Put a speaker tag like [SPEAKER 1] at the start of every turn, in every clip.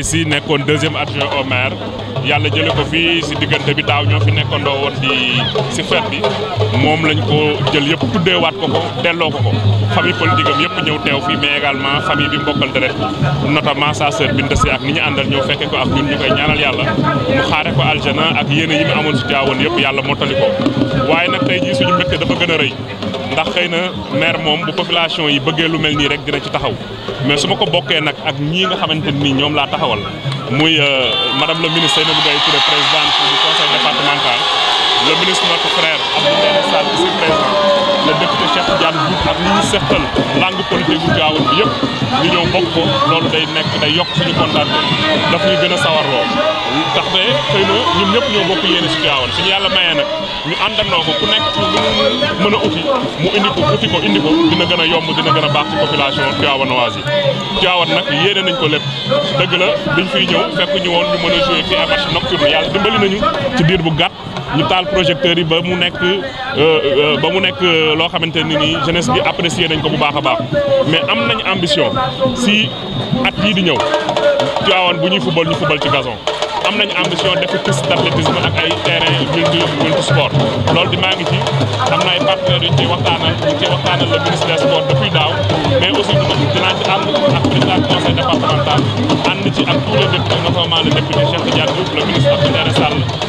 [SPEAKER 1] ici nekkoon deuxième adjoint au maire yàlla jële ko fii si diggante bi daaw ñoo fi nekkandoo woon di si fête bi moom lañ ko jël yëpp tuddeewaat ko ko delloo ko ko famille politique am yëpp ñëw teew fii mais également famille bi mbokkal deret notamment sa sœur Binta Si ak ni ñu àndal ñëw fekke ko ak ñun ñu koy ñaanal yàlla mu xaare ko aljana ak yéene yi mu amoon si jaawoon yëpp yàlla mottali ko waaye nag tey jii suñu mbégte dafa gën a rëy ndax xëy na maire moom bu lu ma ko bokkee nag ak ñii taxawal muy euh, madame le ministre Seynabou Gaye Touré présidente du conseil départemental le ministre notre frère Abdou Ndéné Sall ici présent le député Cheikh Diane Diouf ak li ñu seqal langue politique bu Tivaouane bi yëpp ñu ñëw bokk ko loolu day nekk day yokk suñu kontaan daf ñuy gën a sawarloo tax de xëy na ñun ñëpp ñoo bokk yéene si Tivaouane suñu yàlla mayee na ñu àndandoo ko ku nekk ci mën a uti mu indi ko uti ko indi ko dina gën a yomb dina gën a baax ci population tivaouanoise yi Tivaouane nag yéene nañ ko lépp dëgg la biñ fiy ñëw fekk ñu woon ñu mën a jouer ci match nocturne yàlla dimbali ci diir bu gàtt ñu taal projecteurs yi ba mu nekk euh, euh, ba mu nekk euh, loo xamante ni nii jeunesse bi apprécier nañ ko bu baax a baax mais am nañu ambition si at yii di ñëw Tivaouane bu ñuy football ñu football ci gazon. am nañu ambition defi piste d'athlétisme ak ay terrain multi multi sport loolu di maa ngi ci am na ay partenaires yu ñu ciy waxtaanal ñu ciy waxtaanal le daaw mais aussi dinaa ci ànd ak président conseil départemental ànd ci ak tous les députés notamment le député Cheikh Tidiane Diouf le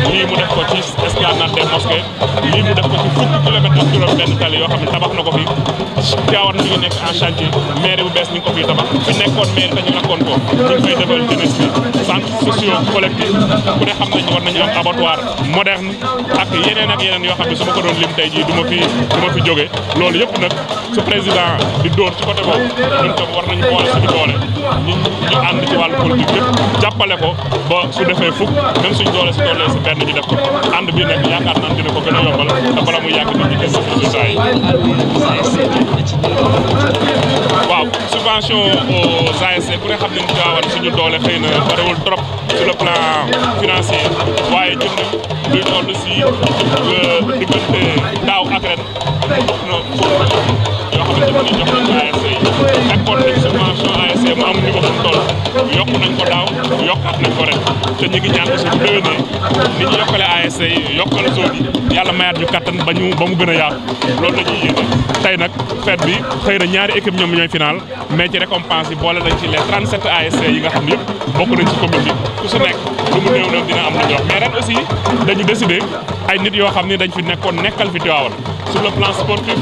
[SPEAKER 1] lii mu def ko ci esplanade des mosquées lii mu def ko ci fukki kilomètre juróom benn yoo xam ne tabax na ko fi Tivaouane mi ngi nekk en chantier bu bees ñu ko fiy tabax fi nekkoon mairie dañu lakkoon ko ñu ngi fay defal bi centre socio collectif ku ne xam nañ war nañu am abattoir moderne ak yeneen ak yeneen yoo xam ne su ma ko doon lim tey jii du fi du fi jóge loolu yëpp nag su président di dóor ci côté boobu ñun tam war nañu boole suñu doole ñu ñu ànd ci wàllu politique jàppale ko ba su defee fukk même suñu doole si doole si benn ñu def ko ànd bi nag yaakaar naan dina ko gën a yombal te bala muy yàgg nit ñi gis suñu doole xëy na barewul trop sur le plan financier waaye jëm nañ luy toll si euh, ko daaw yokkaat nañ ko ren te ñu ngi ñaan aussi bu déwénee ni ñu yokkale ASC yokkal zone yàlla mayaat ñu kattan ba ñu ba mu gën a yaatu loolu la ñuy tey nag fête bi xëy na ñaari équipe ñoom ñooy final mais ci récompense yi boole nañ ci les 37 ASC yi nga xam ne yëpp bokk nañ ko commune bi ku su nekk lu mu néew néew dina am lu ñu mais ren aussi dañu décider ay nit yoo xam ne dañ fi nekkoon nekkal fi Tivaouane sur le plan sportif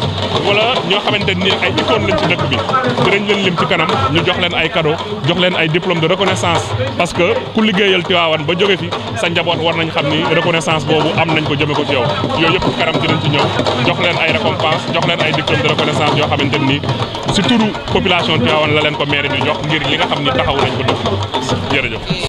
[SPEAKER 1] wala ñoo xamante ni ay icône lañ ci dëkk bi dinañ leen lim ci kanam ñu jox leen ay cadeau jox leen ay diplôme de reconnaissance parce que ku liggéeyal Tivaouane ba jóge fi sa njaboot war nañ xam ni reconnaissance boobu am nañ ko jëme ko ci yow yooyu yëpp kanam dinañ ci ñëw jox leen ay récompense jox leen ay diplôme de reconnaissance yoo xamante ni si turu population Tivaouane la leen ko maire bi jox ngir li nga xam ni taxaw nañ ko